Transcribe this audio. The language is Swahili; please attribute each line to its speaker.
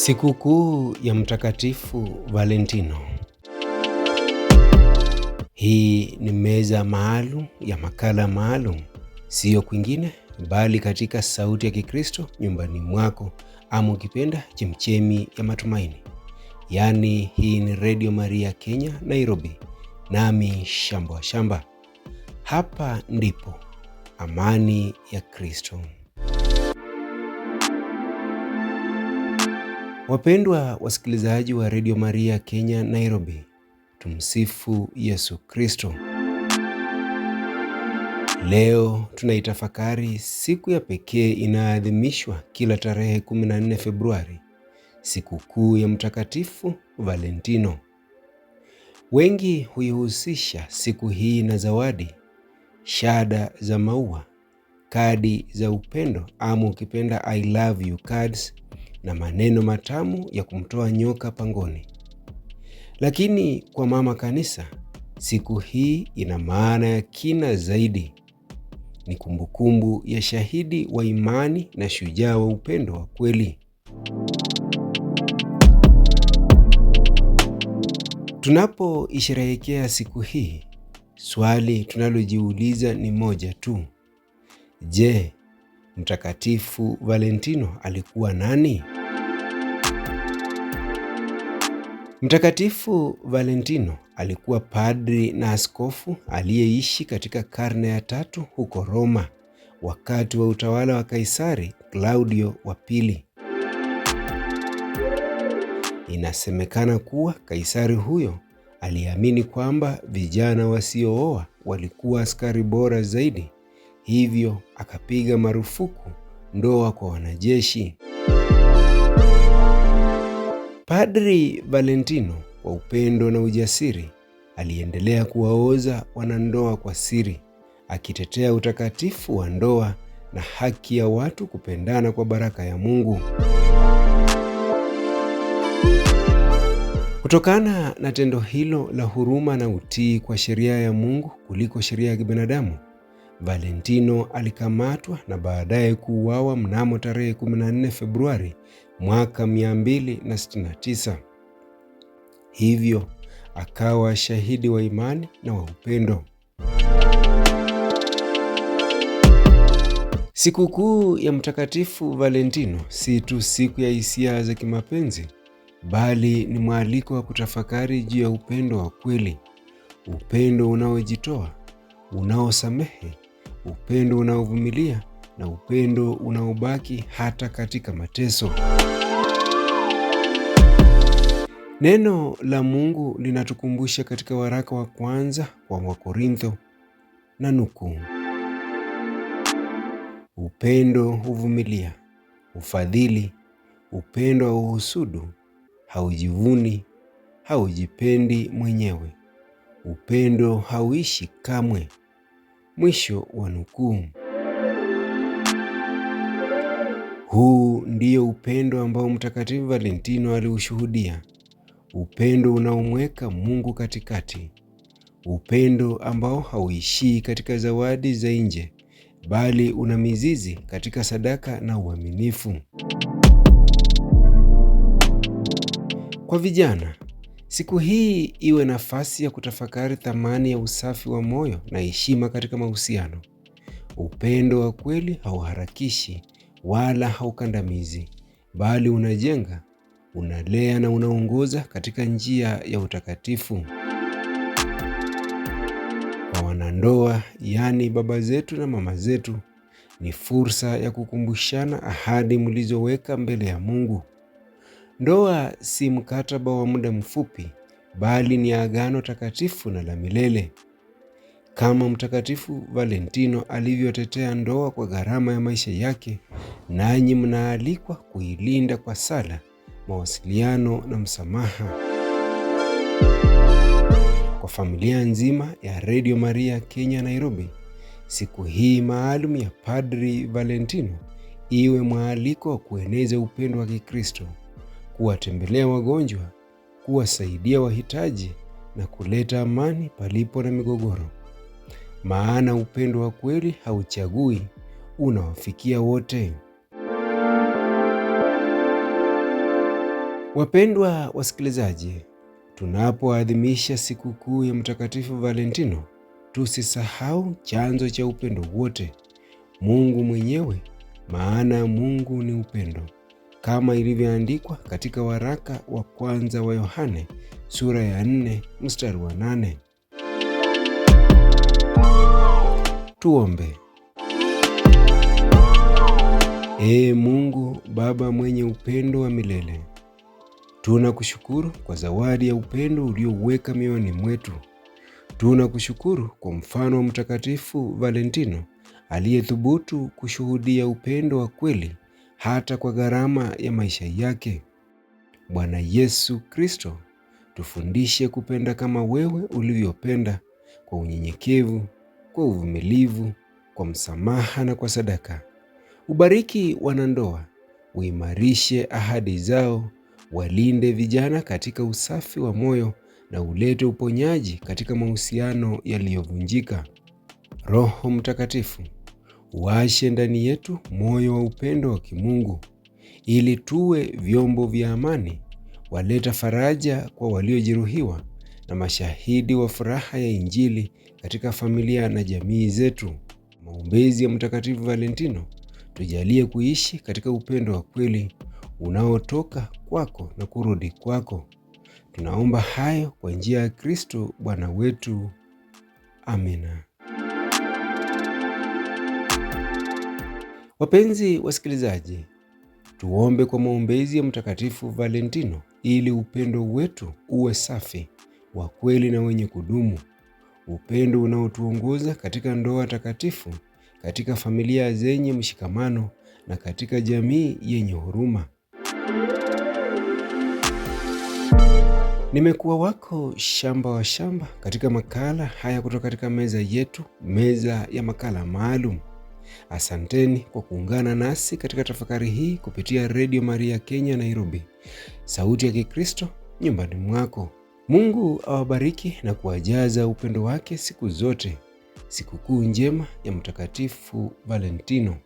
Speaker 1: Sikukuu ya Mtakatifu Valentino. Hii ni meza maalum ya makala maalum, siyo kwingine bali katika Sauti ya Kikristo nyumbani mwako, ama ukipenda Chemchemi ya Matumaini. Yaani hii ni Redio Maria Kenya, Nairobi, nami Shamba wa Shamba. Hapa ndipo amani ya Kristo Wapendwa wasikilizaji wa redio Maria Kenya Nairobi, tumsifu Yesu Kristo. Leo tunaitafakari siku ya pekee inayoadhimishwa kila tarehe 14 Februari, sikukuu ya Mtakatifu Valentino. Wengi huihusisha siku hii na zawadi, shada za maua, kadi za upendo ama ukipenda I love you cards na maneno matamu ya kumtoa nyoka pangoni. Lakini kwa mama kanisa, siku hii ina maana ya kina zaidi. Ni kumbukumbu ya shahidi wa imani na shujaa wa upendo wa kweli. Tunapoisherehekea siku hii, swali tunalojiuliza ni moja tu. Je, Mtakatifu Valentino alikuwa nani? Mtakatifu Valentino alikuwa padri na askofu aliyeishi katika karne ya tatu huko Roma wakati wa utawala wa Kaisari claudio wa pili. Inasemekana kuwa Kaisari huyo aliamini kwamba vijana wasiooa walikuwa askari bora zaidi hivyo akapiga marufuku ndoa kwa wanajeshi. Padri Valentino kwa upendo na ujasiri aliendelea kuwaoza wanandoa kwa siri, akitetea utakatifu wa ndoa na haki ya watu kupendana kwa baraka ya Mungu. Kutokana na tendo hilo la huruma na utii kwa sheria ya Mungu kuliko sheria ya kibinadamu, Valentino alikamatwa na baadaye kuuawa mnamo tarehe 14 Februari mwaka 269. Hivyo akawa shahidi wa imani na wa upendo. Sikukuu ya Mtakatifu Valentino si tu siku ya hisia za kimapenzi, bali ni mwaliko wa kutafakari juu ya upendo wa kweli, upendo unaojitoa, unaosamehe upendo unaovumilia na upendo unaobaki hata katika mateso. Neno la Mungu linatukumbusha katika waraka wa kwanza wa Wakorintho na nukuu, upendo huvumilia, ufadhili, upendo uhusudu haujivuni, haujipendi mwenyewe, upendo hauishi kamwe Mwisho wa nukuu. Huu ndiyo upendo ambao Mtakatifu Valentino aliushuhudia, upendo unaomweka Mungu katikati, upendo ambao hauishii katika zawadi za nje, bali una mizizi katika sadaka na uaminifu. Kwa vijana Siku hii iwe nafasi ya kutafakari thamani ya usafi wa moyo na heshima katika mahusiano. Upendo wa kweli hauharakishi wala haukandamizi, bali unajenga, unalea na unaongoza katika njia ya utakatifu. Kwa wanandoa, yaani baba zetu na mama zetu, ni fursa ya kukumbushana ahadi mlizoweka mbele ya Mungu. Ndoa si mkataba wa muda mfupi, bali ni agano takatifu na la milele. Kama Mtakatifu Valentino alivyotetea ndoa kwa gharama ya maisha yake, nanyi mnaalikwa kuilinda kwa sala, mawasiliano na msamaha. Kwa familia nzima ya Redio Maria Kenya Nairobi, siku hii maalum ya Padri Valentino iwe mwaliko wa kueneza upendo wa Kikristo kuwatembelea wagonjwa, kuwasaidia wahitaji na kuleta amani palipo na migogoro. Maana upendo wa kweli hauchagui, unawafikia wote. Wapendwa wasikilizaji, tunapoadhimisha sikukuu ya Mtakatifu Valentino, tusisahau chanzo cha upendo wote, Mungu mwenyewe, maana Mungu ni upendo kama ilivyoandikwa katika waraka wa kwanza wa Yohane sura ya 4 mstari wa 8. Tuombe. Ee Mungu Baba mwenye upendo wa milele, tunakushukuru kwa zawadi ya upendo ulioweka mioyoni mwetu. Tunakushukuru kwa mfano wa Mtakatifu Valentino aliyethubutu kushuhudia upendo wa kweli hata kwa gharama ya maisha yake. Bwana Yesu Kristo, tufundishe kupenda kama wewe ulivyopenda, kwa unyenyekevu, kwa uvumilivu, kwa msamaha na kwa sadaka. Ubariki wanandoa, uimarishe ahadi zao, walinde vijana katika usafi wa moyo na ulete uponyaji katika mahusiano yaliyovunjika. Roho Mtakatifu Washe ndani yetu moyo wa upendo wa kimungu ili tuwe vyombo vya amani, waleta faraja kwa waliojeruhiwa na mashahidi wa furaha ya Injili katika familia na jamii zetu. Maombezi ya Mtakatifu Valentino tujalie kuishi katika upendo wa kweli unaotoka kwako na kurudi kwako. Tunaomba hayo kwa njia ya Kristo Bwana wetu. Amina. Wapenzi wasikilizaji, tuombe kwa maombezi ya Mtakatifu Valentino ili upendo wetu uwe safi, wa kweli na wenye kudumu, upendo unaotuongoza katika ndoa takatifu, katika familia zenye mshikamano na katika jamii yenye huruma. Nimekuwa wako Shamba wa Shamba katika makala haya kutoka katika meza yetu, meza ya makala maalum Asanteni kwa kuungana nasi katika tafakari hii kupitia Redio Maria Kenya Nairobi, sauti ya Kikristo nyumbani mwako. Mungu awabariki na kuwajaza upendo wake siku zote. Sikukuu njema ya Mtakatifu Valentino.